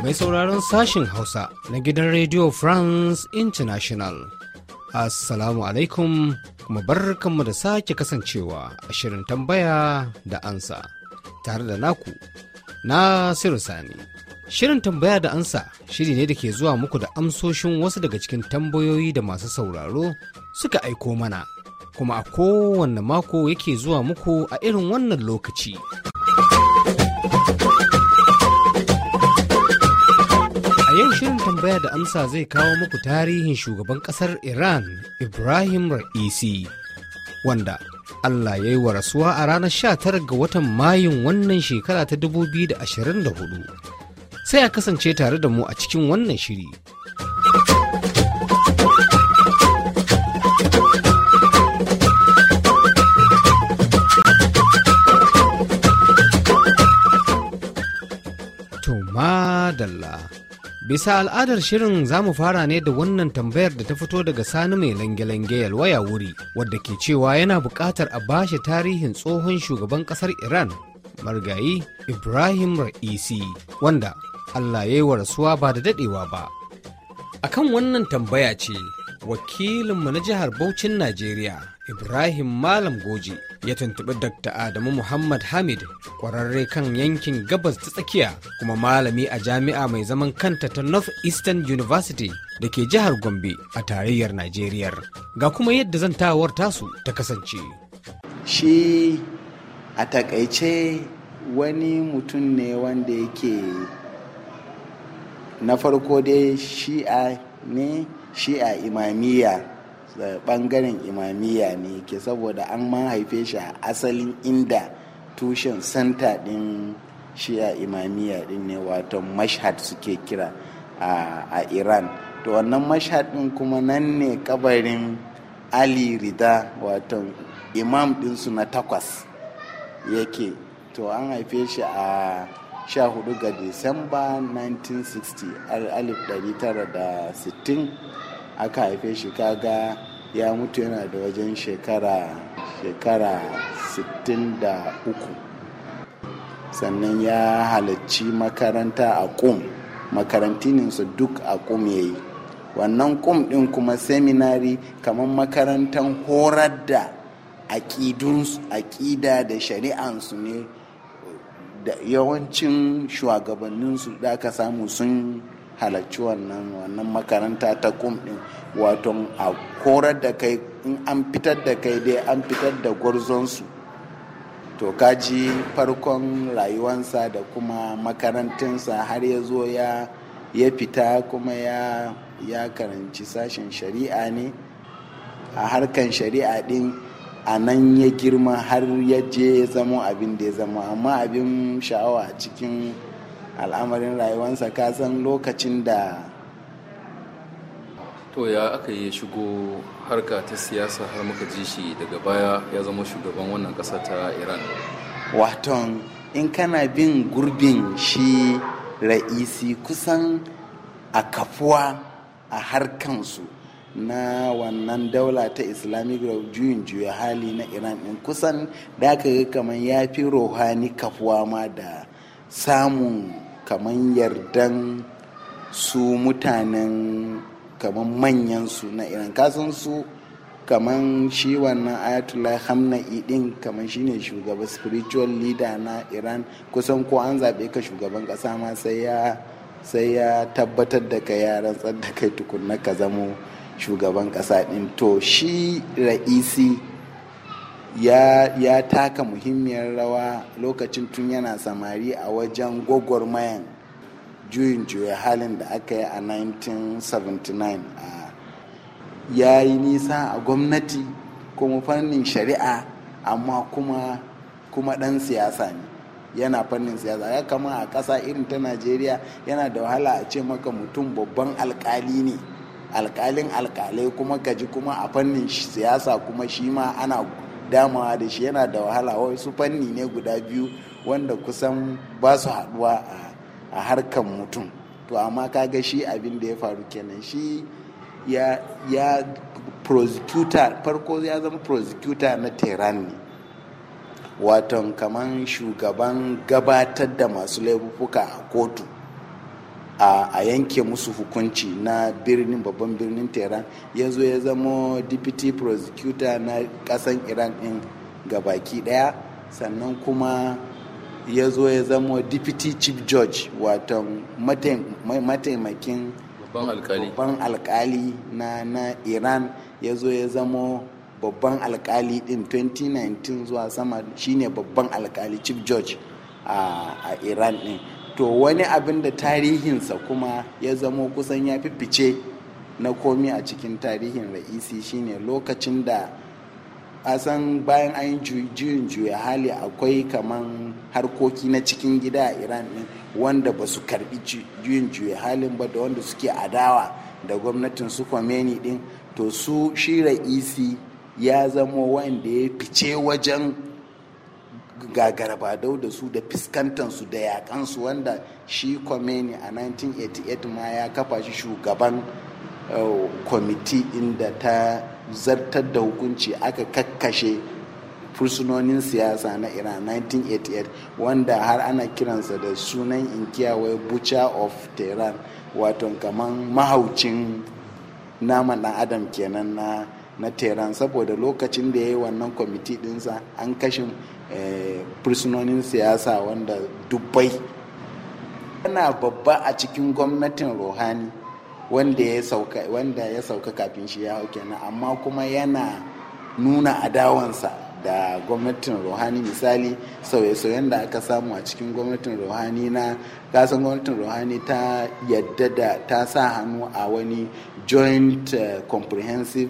mai sauraron sashin Hausa na gidan Radio France International. Assalamu alaikum kuma barkanmu da sake kasancewa a shirin tambaya da ansa tare da naku na Sani. Shirin tambaya da ansa shiri ne da ke zuwa muku da amsoshin wasu daga cikin tambayoyi da masu sauraro suka aiko mana, kuma a kowane mako yake zuwa muku a irin wannan lokaci. A yau shirin tambaya da amsa zai kawo muku tarihin shugaban ƙasar Iran Ibrahim Ra'isi, wanda Allah ya yi wa rasuwa a ranar 19 ga watan Mayun wannan shekara ta 2024. sai a kasance tare da mu a cikin wannan shiri. madalla. Bisa al'adar shirin za mu fara ne da wannan tambayar da ta fito daga sani mai lange-lange yalwaya wuri wadda ke cewa yana buƙatar a bashi tarihin tsohon shugaban ƙasar Iran, margayi Ibrahim Ra'isi, wanda Allah ya yi wa rasuwa ba da daɗewa ba. Akan wannan tambaya ce wakilinmu na jihar Bauchin Najeriya Ibrahim Malam Goji ya tuntuɓi Dr. Adamu Muhammad Hamid ƙwararre kan yankin gabas ta tsakiya kuma malami a jami'a mai zaman kanta ta North Eastern University da ke jihar Gombe a tarayyar Najeriya. Ga kuma yadda zantawar tasu ta kasance. Shi a takaice wani mutum ne wanda yake na farko dai shi'a ne shi'a imamiyya bangaren imamiyya ne ke saboda an ma haife shi a asalin inda tushen santa din shi'a imamiya din ne wato mashhad suke kira a iran to wannan mashhad din kuma nan ne kabarin ali rida wato imam dinsu na takwas yake to an haife shi a 14 ga Disamba 1960 aka haife shi kaga ya mutu yana da wajen shekara shekara 63 sannan ya halarci makaranta a kum makarantininsu duk a kum ya yi wannan kum ɗin kuma seminari kamar makarantar horar da aƙida da shari'ansu ne da yawancin shugabanninsu da aka samu sun halarci wannan wannan makaranta ta kum din wato a korar da kai in an fitar da kai dai an fitar da gwarzonsu to kaji farkon rayuwansa da kuma makarantinsa har ya zo ya ya fita kuma ya ya karanci sashen shari'a ne a harkan shari'a din a nan ya girma har ya je zama abin da ya zama amma abin sha'awa a cikin al'amarin rayuwansa ka san lokacin da to ya aka yi shigo harka ta siyasa har muka ji shi daga baya ya zama shugaban wannan ƙasa ta iran waton in kana bin gurbin shi ra'isi kusan a kafuwa a harkansu na wannan daula ta islamic juyin juya hali na iran din kusan da aka ga kamar ya fi rohani kafuwa ma da samun kamar yardan su mutanen kamar manyan su na iran kasan su kamar shi wannan ayatollah hamna'i din kamar shine shugaba spiritual leader na iran kusan ko an zaɓe ka shugaban ƙasa ma sai ya tabbatar da ka yaran tsar da kai tukunna ka zamo shugaban ƙasa ɗin to shi ra'isi ya, ya taka muhimmiyar rawa lokacin tun yana samari a wajen gwagwarmayan juyin juya halin da aka yi a 1979 a ya yi nisa a gwamnati kuma fannin shari'a amma kuma kuma ɗan siyasa ne yana fannin siyasa ya kama a ƙasa irin ta najeriya yana da wahala a ce maka mutum babban alkali ne alkalin alkalai kuma gaji kuma a fannin siyasa kuma shi ma ana damawa da shi yana da wahala wasu fanni ne guda biyu wanda kusan ba su haduwa a harkan mutum to amma kaga shi abin da ya faru kenan shi ya prosecutor farko ya zama prosecutor na tehran ne waton kaman shugaban gabatar da masu laifuka a kotu a yanke musu hukunci na birnin babban birnin tehran yanzu ya zama deputy prosecutor na kasan iran din gabaki daya sannan kuma ya zo ya zama deputy chief judge wato mataimakin babban alkali na, na iran ya zo ya zama babban alkali din 2019 zuwa sama shine babban alkali chief judge a, a iran din to wani abin da tarihinsa kuma ya zamo kusan ya fice-fice na komi a cikin tarihin ra'isi shine lokacin da asan bayan an yi juyin juya hali akwai kaman harkoki na cikin gida a iran din wanda ba su karbi juyin juya halin ba da wanda suke adawa da gwamnatin su kwameni din to su shi ra'isi ya zamo wanda ya fice wajen gagarabadau da su da fiskantansu da yakansu wanda shi Khomeini a 1988 ma ya kafa shi shugaban uh, kwamiti inda ta zartar da hukunci aka kakkashe fursunonin siyasa na iran 1988 wanda har ana kiransa da sunan inkiyawai butcher of tehran wato kaman mahaucin nama dan adam kenan na tehran saboda lokacin da ya yi wannan kwamiti dinsa an kashe Eh, fursunonin siyasa wanda dubbai yana babba a cikin gwamnatin rohani wanda ya sauka sauka kafin shi ya hauke na amma kuma yana nuna adawansa da gwamnatin rohani misali sauye-sauyen da aka samu a cikin gwamnatin rohani na kasan gwamnatin rohani ta yadda da ta sa hannu a wani joint eh, comprehensive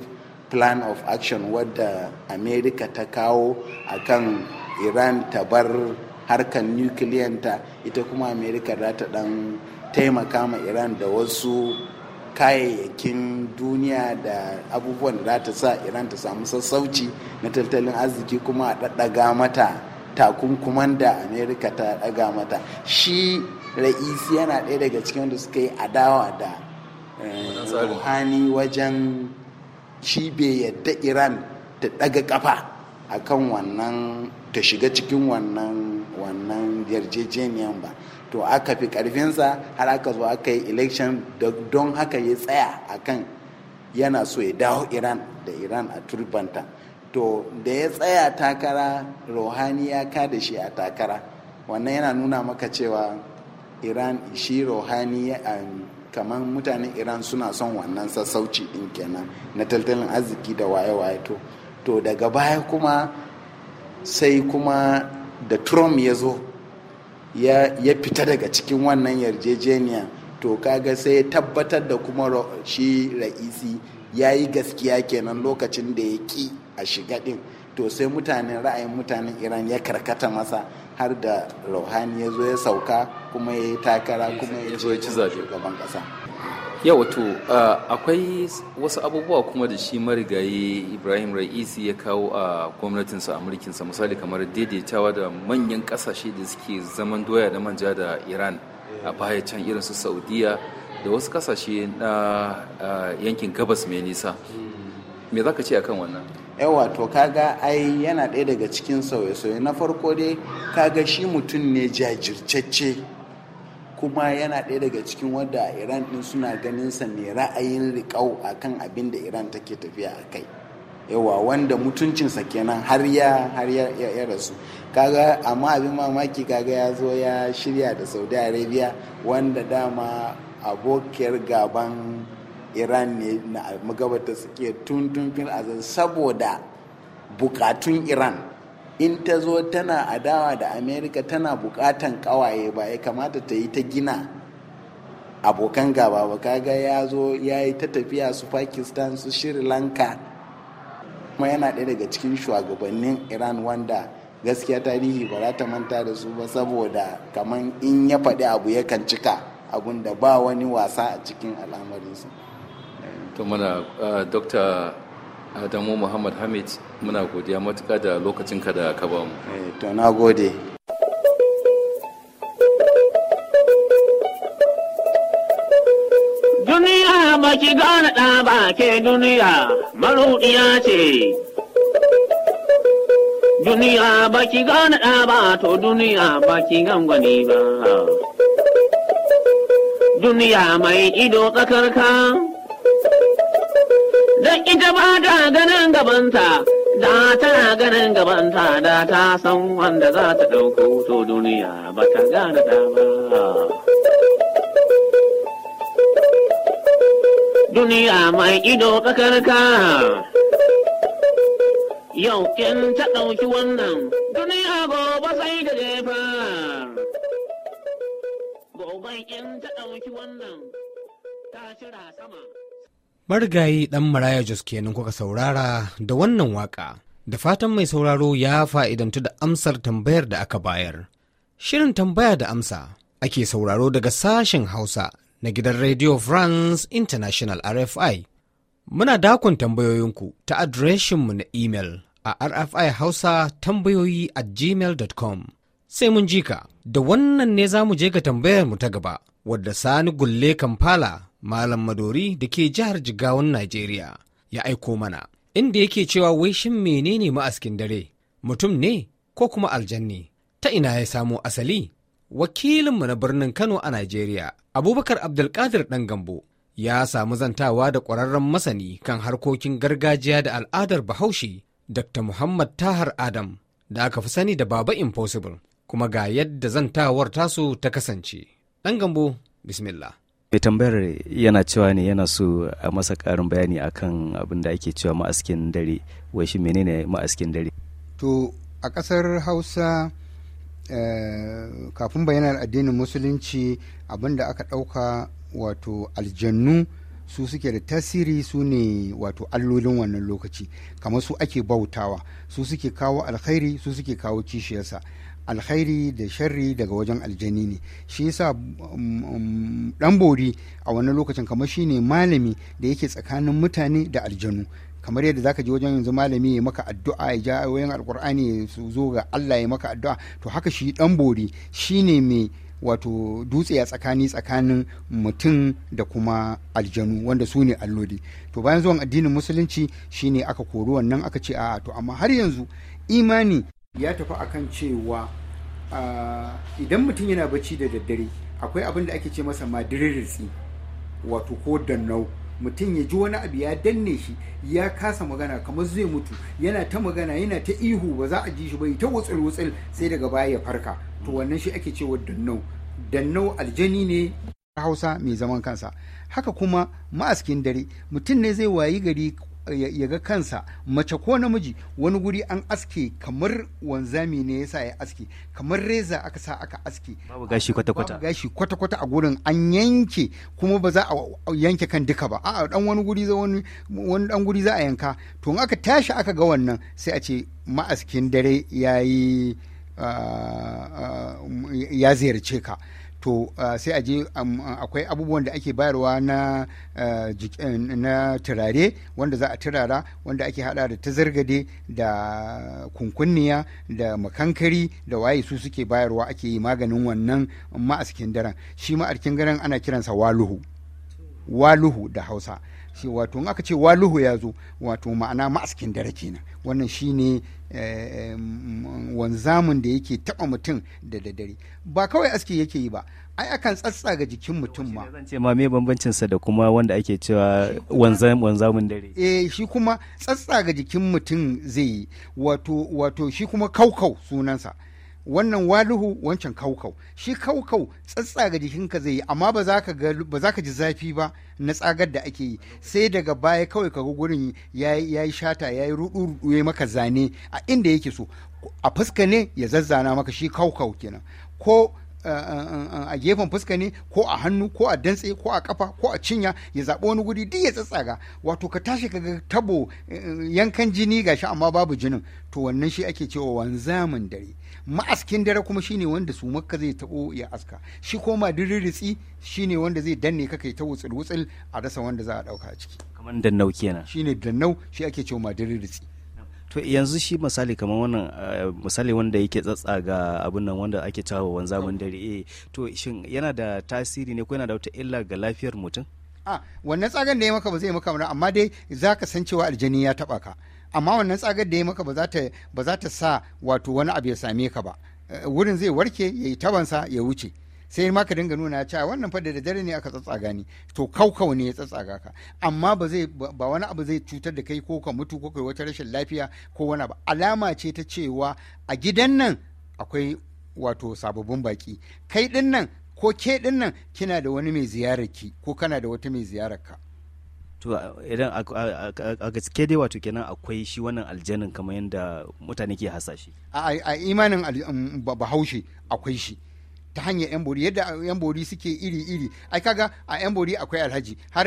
plan of action wadda america ta kawo a kan. iran ta bar harkar nukiliyanta ita kuma amerika za ta dan taimaka ma iran da wasu kayayyakin duniya da abubuwan da za ta sa iran ta samu sassauci na tattalin arziki kuma a daddaga mata takunkuman da amerika ta ɗaga mata shi ra'isi yana ɗaya daga cikin wanda suka yi adawa da eh, ruhani wajen shi bai yadda iran ta ɗaga ƙafa akan wannan ta shiga cikin wannan wannan yarjejeniyan ba to aka fi karfinsa har aka zo aka yi election don haka ya tsaya a kan yana so ya dawo iran da iran a turbanta to da ya tsaya takara rohani ya kada shi a takara wannan yana nuna maka cewa iran shi rohani um, kamar mutanen iran suna son wannan sassauci din kenan na tattalin arziki da waye-waye to to daga baya kuma sai kuma da trump ya zo ya fita daga cikin wannan yarjejeniya to kaga sai ya tabbatar da kuma shi ra'isi ya yi gaskiya kenan lokacin da ya ki a shiga din to sai mutanen ra'ayin mutanen iran ya karkata masa har da rohani ya zo ya sauka kuma ya yi takara kuma ya zo ya ci zaɓe gaban ƙasa yau wato uh, akwai wasu abubuwa kuma da shi marigayi ibrahim ra'isi ya kawo a gwamnatinsa a mulkinsa misali kamar daidaitawa da manyan kasashe da suke zaman doya da manja da iran a baya can irin su saudiya da wasu kasashe na uh, yankin gabas mai nisa me za ka ce akan wannan yawa to kaga ai yana ɗaya daga cikin sauye-sauye na farko dai kaga shi mutum ne jajirtacce kuma yana ɗaya daga cikin wadda iran ɗin suna ganin sa ne ra'ayin riƙau a kan abin da iran take tafiya a kai yawa wanda mutuncinsa kenan har ya har rasu kaga amma abin mamaki kaga ya zo ya shirya da saudi arabia wanda dama abokiyar gaban iran ne na magabata suke tun tun fil saboda bukatun iran in ta zo tana adawa da amerika tana bukatan kawaye ba ya kamata ta yi ta gina abokan gaba ba kaga ya zo ya yi ta tafiya su pakistan su sri lanka kuma yana ɗaya daga cikin shugabannin iran wanda gaskiya tarihi ba za ta manta da su ba saboda kamar in ya faɗi abu yakan cika abun da ba wani wasa a cikin al'amarinsu. to eh, Adamu Muhammad Hamid muna godiya matuƙa da lokacin ka da ka ba mu. Eh, to na gode. Duniya baki gane ɗa ba ke duniya maruɗiya ce. Duniya baki gane ɗa ba to duniya baki gangwani ba. Duniya mai ido tsakarka. don ita ba ta ganin gabanta da tana ganin gabanta da ta san wanda za ta ɗauka wuto duniya ba ta gane ta ba. Duniya mai ido tsakarka yau in ta ɗauki wannan duniya gobe sai da jefa. Gobe in ta ɗauki wannan ta shira sama. marigayi ɗan maraya jos kenan kuka saurara da wannan waka da fatan mai sauraro ya fa'idantu da amsar tambayar da aka bayar shirin tambaya da amsa ake sauraro daga sashen hausa na gidan radio france international rfi muna dakon tambayoyinku ta adireshinmu na imel a rfi hausa tambayoyi a gmail.com sai mun jika da wannan ne za mu je ga mu ta gaba wadda Sani Gulle Kampala, Malam Madori da ke jihar Jigawan Najeriya ya aiko mana, inda yake cewa wai shin menene ma'askin dare, mutum ne ko kuma aljanni, ta ina ya samo asali? Wakilinmu na birnin Kano a Najeriya, Abubakar Abdulkadir ɗan Gambo, ya samu zantawa da ƙwararren masani kan harkokin gargajiya da al'adar Bahaushe, Dr. Muhammad Tahar Adam, da aka fi sani da Baba Impossible, kuma ga yadda zantawar taso ta kasance. Ɗan gambo, bismillah. mai tambayar yana cewa ne yana so a masa karin bayani akan abin da ake cewa ma'askin dare wai shi menene ma'askin dare to a ƙasar hausa eh, kafin bayanar addinin musulunci abin da aka ɗauka wato aljannu su suke da tasiri su ne wato allolin wannan lokaci kamar su ake bautawa su suke kawo alkhairi su suke kawo kishiyarsa alkhairi da sharri daga wajen aljani ne shi yasa mm, mm, dan bori a wannan lokacin kamar shine malami da yake tsakanin mutane da aljanu kamar yadda zaka je wajen yanzu malami ya maka addu'a ya ja wayan alkur'ani su zo ga Allah ya maka addu'a to haka shi dan bori shine mai wato dutse a tsakani tsakanin mutum da kuma aljanu wanda su ne allodi to bayan zuwan addinin musulunci shi ne aka kori wannan aka ce a to amma har yanzu imani ya tafi akan cewa idan mutum yana bacci da daddare akwai abin da ake ce masa madiriritsi wato ko dannau mutum ya ji wani abu ya danne shi ya kasa magana kamar zai mutu yana ta magana yana ta ihu ba za a ji shi ba ta wutsul wutsul sai daga baya ya farka to wannan shi ake cewa dannau dannau aljani ne hausa mai zaman kansa haka kuma ma'askin dare mutum ne zai wayi gari ya ga kansa mace ko namiji wani guri an aske kamar wanzami ne yasa ya aske kamar reza aka sa aka aske babu gashi kwata-kwata babu gashi kwata-kwata a gurin an yanke kuma ba za a yanke kan duka ba a'a dan wani guri za wani wani dan guri za a yanka to in aka tashi aka ga wannan sai a ce ma'askin dare yayi ah, ah, ya ziyarce ka to ah, sai a je akwai abubuwan da ake bayarwa na ah, eh, na turare wanda za a turara wanda ake hada da tazargade da kunkunniya da makankari da waye su suke bayarwa ake yi maganin wannan ma'askin daren shi ma'arkin daren ana kiransa waluhu waluhu da hausa shi wato in aka ce waluhu ya zo wato ma'ana ma'askin dare kenan wannan shine wanzamin da yake taba mutum da daddare ba kawai aski yake yi ba ai akan tsatsaga jikin mutum ma zan ce ma me bambancin sa da kuma wanda ake cewa wanzamin dare eh shi kuma tsatsaga jikin mutum zai yi wato wato shi kuma kaukau sunansa wannan waluhu wancan kaukau shi kaukau tsatsaga jikinka zai yi amma ba za ka ji zafi ba na tsagar da ake yi sai daga baya kawai ka gurin ya yi shata ya yi rudu ya maka zane a inda yake so a fuska ne ya zazzana maka shi kaukau kenan ko a gefen fuska ne ko a hannu ko a dantse ko a kafa ko a cinya ya zaɓi wani guri duk ya tsatsaga wato ka tashi ka ga tabo eh, eh, yankan jini ga shi amma babu jinin to wannan shi ake cewa wanzamin dare ma'askin dare kuma shine wanda su makka zai tabo ya aska shi ko diriritsi shine wanda zai danne ka kai ta wutsul wutsul a rasa wanda za a dauka a ciki kamar dannau kenan shine dannau shi ake cewa madirirritsi to yanzu shi misali kamar wannan eh, misali wanda yake tsatsa ga abin nan wanda ake cewa wanzamin dare eh to shin yana da tasiri ne ko yana da wata illa ga lafiyar mutum a wannan tsagan da ya maka ba zai maka amma dai za ka san cewa aljani ya taba ka amma wannan tsagar da ya maka ba za ta sa wato wani abu ya same ka ba eh, wurin zai warke ya yi tabansa ya wuce sai ma ka dinga nuna cewa wannan fa da dare ne aka tsatsaga ni to kaukau ne ya tsatsaga ka amma ba zai ba wani abu zai cutar da kai ko ka mutu ko kai wata rashin lafiya ko wani abu alama ce ta cewa a gidan nan akwai wato sababbin baki kai din nan ko ke din nan kina da wani mai ziyararki ko kana da wata mai ziyararka to idan a gaske dai wato kenan akwai shi wannan aljanin kamar yadda mutane ke hasashe a imanin um, bahaushe akwai shi ta hanyar yan bori yadda yan bori suke iri iri ai kaga a yan bori akwai alhaji har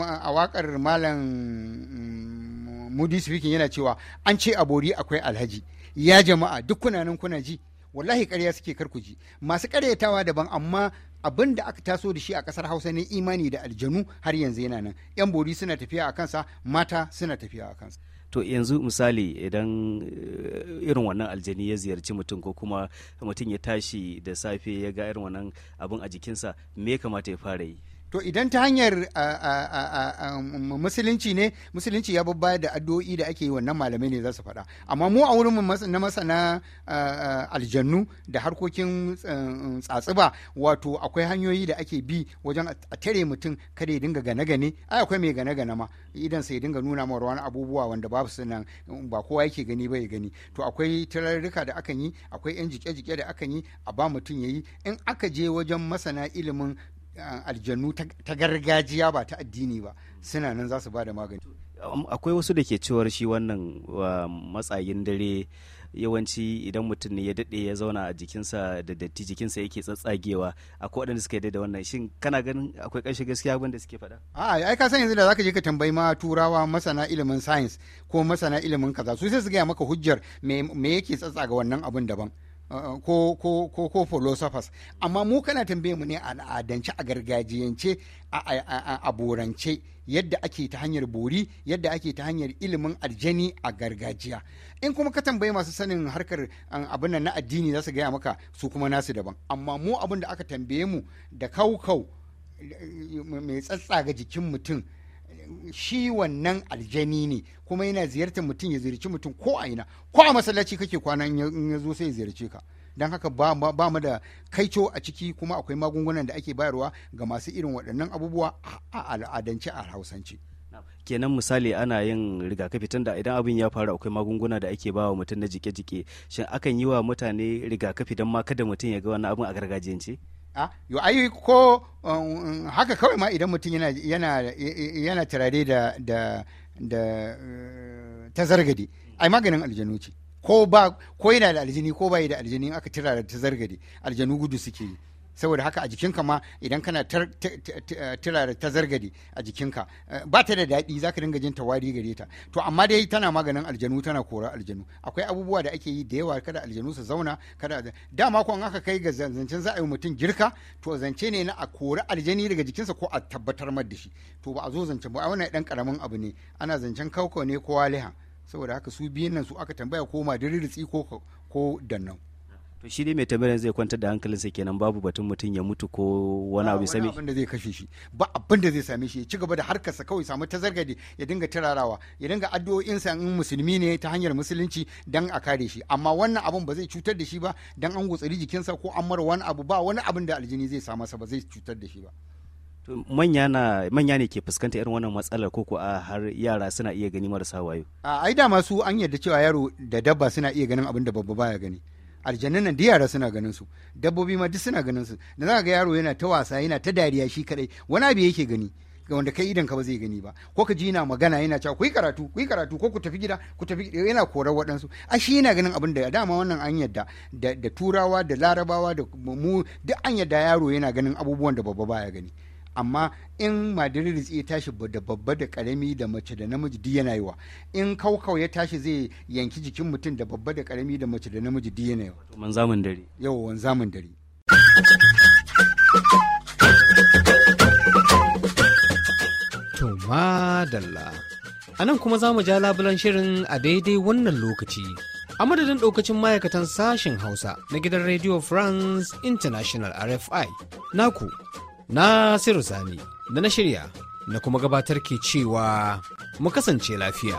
a wakar malam mm, mudi speaking yana cewa an ce a bori akwai alhaji ya jama'a duk kuna nan kuna ji wallahi karya suke karkuji masu ƙaryatawa daban amma abin da aka taso da shi a ƙasar hausa ne imani da aljanu har yanzu yana nan yan bori suna tafiya a kansa mata suna tafiya a kansa to yanzu misali idan eh, irin wannan aljani ya ziyarci mutum ko kuma mutum ya tashi da safe ya ga irin wannan abin a jikinsa me kamata ya fara yi to idan ta hanyar musulunci ne musulunci ya babba da addu'o'i da ake yi wannan malamai ne za su faɗa amma mu a wurin na masana aljannu da harkokin tsatsiba wato akwai hanyoyi da ake bi wajen a tare mutum kada ya dinga gane-gane ai akwai mai gane-gane ma idan sai dinga nuna ma wani abubuwa wanda ba su nan ba kowa yake gani ba ya gani to akwai tararruka da akan yi akwai yan jike-jike da akan yi a ba mutum ya yi in aka je wajen masana ilimin aljannu ta gargajiya ba ta addini ba suna nan za su ba da magani um, akwai wasu da ke cewar shi wannan matsayin dare yawanci idan mutum ne ya daɗe ya zauna a jikinsa da datti jikinsa yake tsatsagewa akwai waɗanda suka yi da wannan shin kana ganin akwai ƙarshe gaskiya abin da suke faɗa a ai ka san yanzu da zaka je ka tambayi ma turawa masana ilimin science ko masana ilimin kaza su sai su gaya maka hujjar me yake tsatsaga wannan abun daban Uh, ko ko philosophers amma mu kana tambaye mu ne a al'adance a gargajiyance a borance yadda ake ta hanyar bori yadda ake ta hanyar ilimin aljani a gargajiya in kuma ka tambaye masu sanin harkar uh, abin na addini za su gaya maka su kuma nasu daban amma mu abin da aka tambaye mu da kau kau uh, mai tsatsaga jikin mutum shi wannan aljani ne kuma yana ziyartar mutum ya ziyarci mutum ko a ina ko a masallaci kake kwana in ya zo sai ya ziyarce ka don haka ba mu da kaico a ciki kuma akwai magungunan da ake bayarwa ga masu irin waɗannan abubuwa a al'adance a hausance kenan misali ana yin rigakafi da idan abin ya faru akwai magunguna da ake bawa mutum na jike-jike shin akan yi wa mutane rigakafi don ma kada mutum ya ga wani abin a gargajiyance a ah, yo ko um, um, haka kawai ma idan mutum yana yana yana turare da da da eh, ta zargade ai maganin aljanu ce ko ba ko yana da aljini ko ba yi da aljini aka turare ta zargade aljanu gudu suke yi saboda haka a jikinka ma idan kana eh, turare ta zargade a jikinka eh, ba ta da daɗi za ka dinga jin ta wari gare ta to amma dai tana maganin aljanu tana kora aljanu akwai abubuwa da ake yi da yawa kada aljanu su zauna kada dama ko aka kai ga zancen za a yi mutum girka to zance ne na a kori aljani daga jikinsa ko a tabbatar mar da shi to ba a zo zancen ba a wannan ɗan karamin abu ne ana zancen kauka ne ko waliha saboda haka su biyun nan su aka tambaya ko madirirtsi ko ko dannan. to shi ne mai tambayar zai kwantar da hankalinsa kenan babu batun mutum ya mutu ko wani abu sami. abin da zai kashe shi ba abin da zai same shi ya ci gaba da harkarsa kawai samu zargade ya dinga turarawa ya dinga addu'o'insa in musulmi ne ta hanyar musulunci dan a kare shi amma wannan abun ba zai cutar da shi ba dan an gutsari jikinsa ko an mara wani abu ba wani abin da aljini zai sa masa ba zai cutar da shi ba manya ne ke fuskanta irin wannan matsalar ko a har yara suna iya gani marasa wayo a ai da masu an yarda cewa yaro da dabba suna iya ganin abin da babba baya gani aljannan nan yara suna ganin su dabbobi ma duk suna ganin su da za ga yaro yana ta wasa yana ta dariya shi kadai wani abu yake gani wanda kai idan ka ba zai gani ba ko ka ji yana magana yana cewa ku yi karatu ku yi karatu ko ku tafi gida ku tafi yana korar waɗansu a shi yana ganin abin da dama wannan an yadda da turawa da larabawa da mu duk an yadda yaro yana ganin abubuwan da babba baya gani amma in madrid ya tashi da babba da karami da mace da namiji duk yana yiwa in kaukau ya tashi zai yanki jikin mutum da babba da karami da mace da namiji duk yana yiwa man zamun dare yawa wanzamin zamun dare to madalla a nan kuma za mu ja labulan shirin a daidai wannan lokaci a madadin ɗaukacin ma'aikatan sashen hausa na gidan radio france international rfi naku na Nasiru zani da na shirya na kuma gabatar ke cewa mu kasance lafiya.